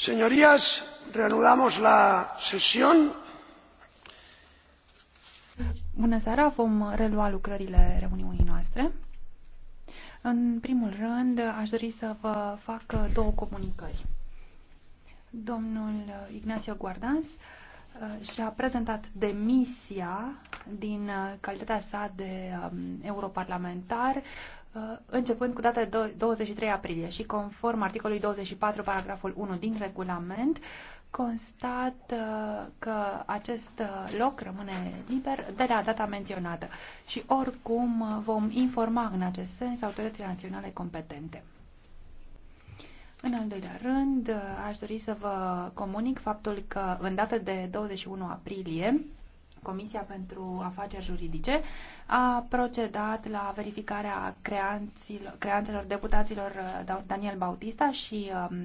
Señorías, reanudamos la sesión. Bună seara, vom relua lucrările reuniunii noastre. În primul rând, aș dori să vă fac două comunicări. Domnul Ignacio Guardans eh, și-a prezentat demisia din uh, calitatea sa de um, europarlamentar uh, începând cu data de 23 aprilie și conform articolului 24, paragraful 1 din regulament, constat uh, că acest loc rămâne liber de la data menționată și oricum vom informa în acest sens autoritățile naționale competente. În al doilea rând, aș dori să vă comunic faptul că în data de 21 aprilie, Comisia pentru Afaceri Juridice a procedat la verificarea creanților, creanțelor deputaților uh, Daniel Bautista și um,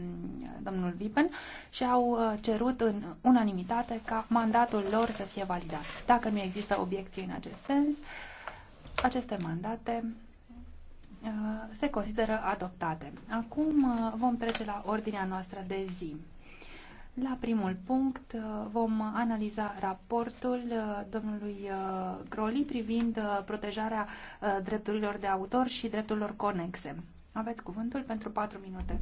domnul Vipen și au uh, cerut în unanimitate ca mandatul lor să fie validat. Dacă nu există obiecții în acest sens, aceste mandate uh, se consideră adoptate. Acum uh, vom trece la ordinea noastră de zi. La primul punct uh, vom analiza raportul uh, domnului uh, Groli privind protejarea drepturilor de autor și drepturilor conexe. Aveți cuvântul pentru 4 minute.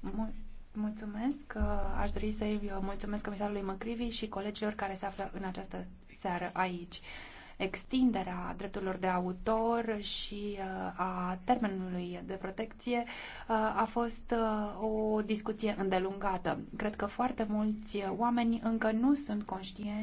Mul mulțumesc. Aș dori să-i mulțumesc comisarului Măcrivi și colegilor care se află în această seară aici extinderea drepturilor de autor și uh, a termenului de protecție uh, a fost uh, o discuție îndelungată. Cred că foarte mulți oameni încă nu sunt conștienți